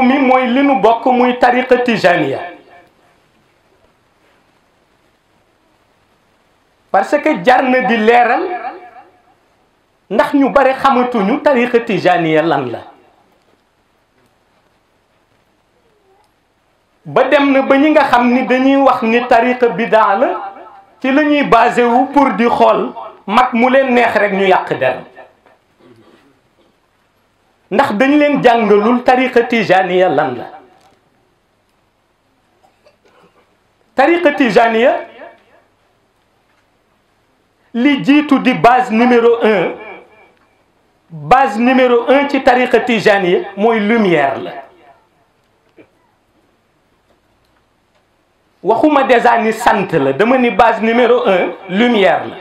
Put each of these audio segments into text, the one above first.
mbokk mooy li bokk muy tariqa tijaniya parce que jar na di leeral ndax ñu bare xamatuñu tariqa tijaniya lan la ba dem na ba ñi nga xam ni dañuy wax ni tariqa bi la ci la ñuy basé wu pour di xool mag mu leen neex rek ñu yàq der ndax dañ leen jàngalul tariqa tijaniya lan la tariqa tijaniya li jiitu di base numéro un base numéro un ci tariqa tijaniya mooy lumière la waxuma des ni sant la dama ni base numéro un lumière la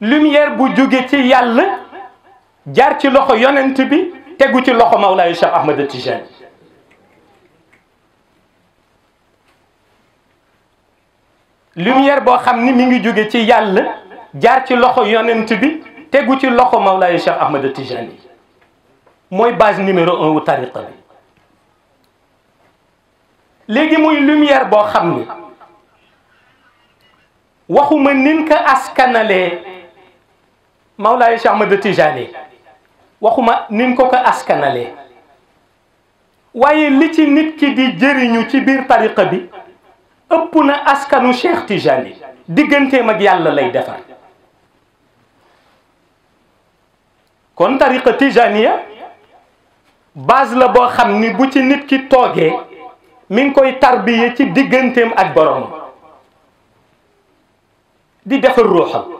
lumière bu jóge ci yàlla jaar ci loxo yonent bi tegu ci loxo Mawlaay Cheikh Ahmed Tijani lumière boo xam ni mi ngi jóge ci yàlla jaar ci loxo yonent bi tegu ci loxo Mawlaay Cheikh Ahmed Tijani mooy base numéro un wu tariqa bi léegi muy lumière boo xam ni waxuma nin ko Mawlaay Cheikh Ahmad Tijaani waxuma niñ ko ko askanalee waaye li ci nit ki di jëriñu ci biir tariqa bi ëpp na askanu Cheikh Tijaani digganteem ak yàlla lay defar kon tariqa tijaniya base la boo xam ni bu ci nit ki tooge mi ngi koy tarbiye ci digganteem ak boroomam di defar ruuxam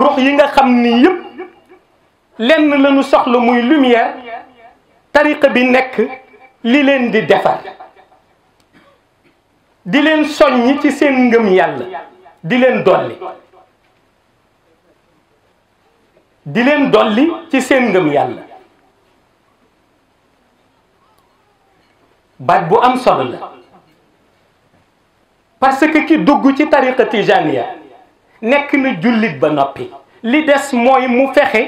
ruux yi nga xam ni yëpp lenn lañu soxla muy lumière tariqa bi nekk li leen di defar di leen soññi ci seen ngëm yàlla di leen dolli di leen dolli ci seen ngëm yàlla baat bu am solo la parce que ki dugg ci tariqa tijaniya nekk na jullit ba noppi li des mooy mu fexe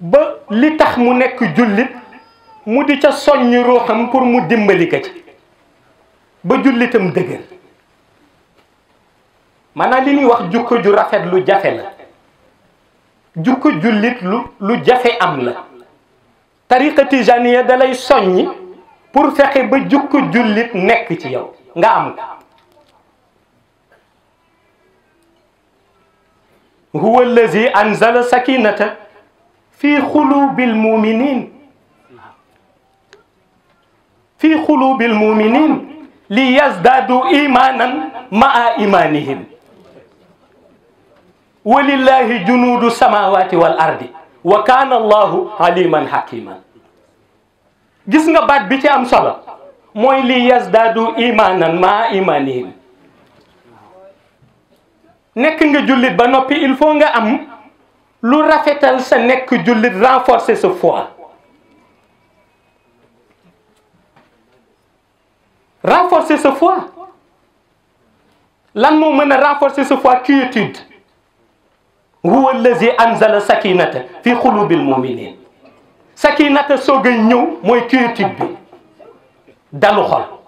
ba li tax mu nekk jullit mu di ca soññ ruuxam pour mu dimbali ko ci ba jullitam dëgër maanaam li ñuy wax jukko ju rafet lu jafe la jukko jullit lu lu jafe am la tariqa tijaniya da lay soññi pour fexe ba jukko jullit nekk ci yow nga am ko huwa allazi anzala sakinata fi xulubil muminin fi xulubil muminin li yazdaadu imanan maa imanihim walillahi junuudu samawati wal ardi wa kaana allahu aliman hakiman gis nga baat bi ci am solo mooy li yazdaadu imanan maa imanihim nekk nga jullit ba noppi il faut nga am lu rafetal sa nekk jullit renforcer sa foi renforcer sa foi lan moo mën a renforcer sa foi quiétude huwa allazi anzala sakinata fi xulubil muminin sakinata soog a ñëw mooy quiétude bi dalu xol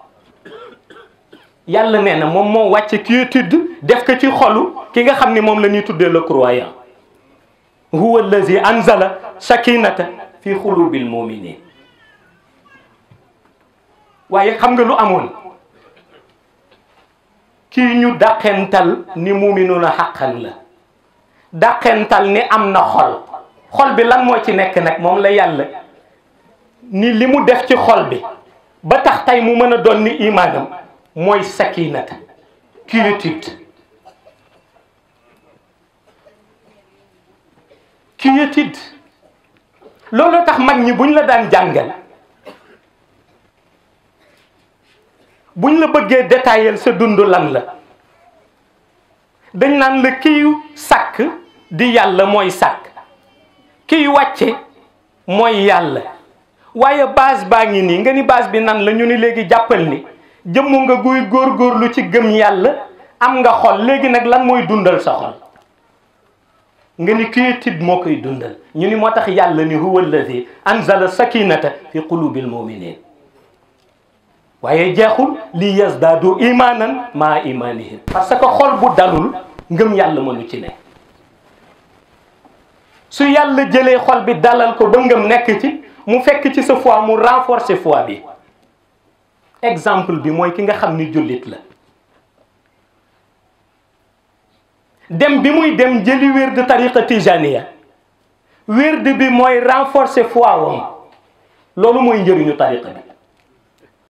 yàlla nee na moom moo wàcce quiétude def ko ci xolu ki nga xam ni moom la ñuy tuddee le croyant huwa allazi anzala sakinata fi xulubil muminin waaye xam nga lu amoon kii ñu dàqental ni muminuna xàqan la dàqental ni am na xol xol bi lan moo ci nekk nag moom la yàlla ni li mu def ci xol bi ba tax tey mu mën a doon ni imaanam mooy sakinata quiétude quiétude loolu tax mag ñi buñ la daan jàngal buñ la bëggee détailler sa dund lan la dañ naan la kiy sàkk di yàlla mooy sàkk kiy wàcce mooy yàlla waaye base baa ngi nii nga ni baas bi nan lañu ni léegi jàppal ni jëmm nga guy góor góorgóorlu ci gëm yàlla am nga xol léegi nag lan mooy dundal sa xol nga ni kii tiit moo koy dundal ñu ni moo tax yàlla ni huwa alladi anzala sakinata fi qulubil muminin waaye jeexul li yazdaadu imaanan maa imaanihim parce que xol bu dalul ngëm yàlla mënu ci ne su yàlla jëlee xol bi dalal ko ba ngëm nekk ci mu fekk ci sa fois mu renforcer fois bi exemple bi mooy ki nga xam ni jullit la dem bi muy dem jëli wérd tariqa tijaniya wérd bi mooy renforcer foi wam loolu mooy njëriñu tariqa bi